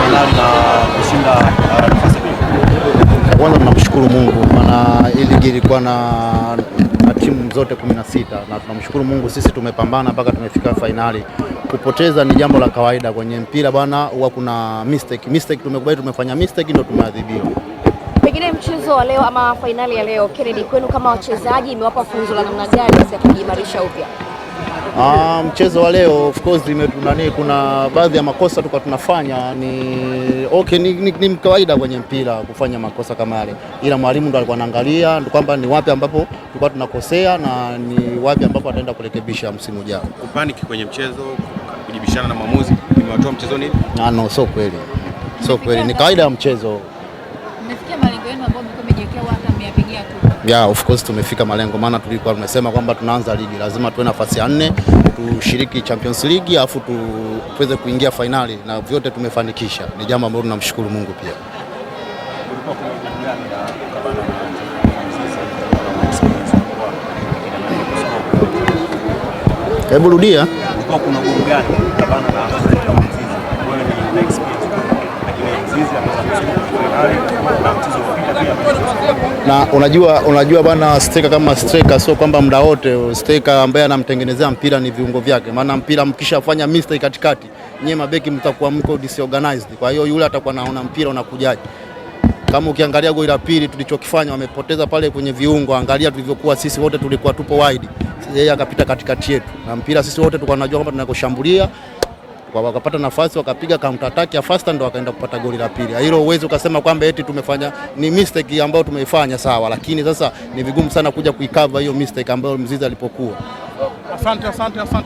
fainali na kushinda uh, nafasi Kwanza tunamshukuru Mungu, maana hii ligi ilikuwa na na timu zote 16 na tunamshukuru Mungu, sisi tumepambana mpaka tumefika fainali. Kupoteza ni jambo la kawaida kwenye mpira bwana, huwa kuna mistake. Mistake tumekubali, tumefanya mistake, ndio tumeadhibiwa. Pengine mchezo wa leo ama fainali ya leo, Kennedy, kwenu kama wachezaji imewapa funzo la namna gani ya kujimarisha upya? Ah, mchezo wa leo of course nani, kuna baadhi ya makosa tuka tunafanya ni okay, ni, ni, ni kawaida kwenye mpira kufanya makosa kama yale, ila mwalimu ndo alikuwa anaangalia kwamba ni wapi ambapo tulikuwa tunakosea na ni wapi ambapo ataenda kurekebisha msimu ujao. Kupaniki kwenye mchezo, kujibishana na mwamuzi, imewatoa mchezoni. Ah, no, sio kweli, sio kweli, ni kawaida ya mchezo. Mmefikia malengo yenu ambayo yeah, of course tumefika malengo, maana tulikuwa tumesema kwamba tunaanza ligi lazima tuwe nafasi ya nne tushiriki Champions League afu tuweze kuingia fainali, na vyote tumefanikisha. Ni jambo ambalo tunamshukuru Mungu pia. Hebu rudia na unajua, unajua bwana, striker kama striker sio kwamba muda wote striker ambaye anamtengenezea mpira ni viungo vyake, maana mpira mkishafanya mistake katikati, nyie mabeki mtakuwa mko disorganized. Kwa hiyo yule atakuwa anaona mpira unakujaje. Kama ukiangalia goli la pili tulichokifanya, wamepoteza pale kwenye viungo, angalia tulivyokuwa sisi wote, tulikuwa tupo wide, yeye akapita katikati yetu na mpira, sisi wote tulikuwa tunajua kwamba tunakoshambulia wakapata nafasi wakapiga counter attack ya fasta ndo wakaenda kupata goli la pili. Yaani hilo uwezo ukasema kwamba eti tumefanya ni mistake ambayo tumeifanya sawa, lakini sasa ni vigumu sana kuja kuikava hiyo mistake ambayo Mzizi alipokuwa. Asante, asante, asante.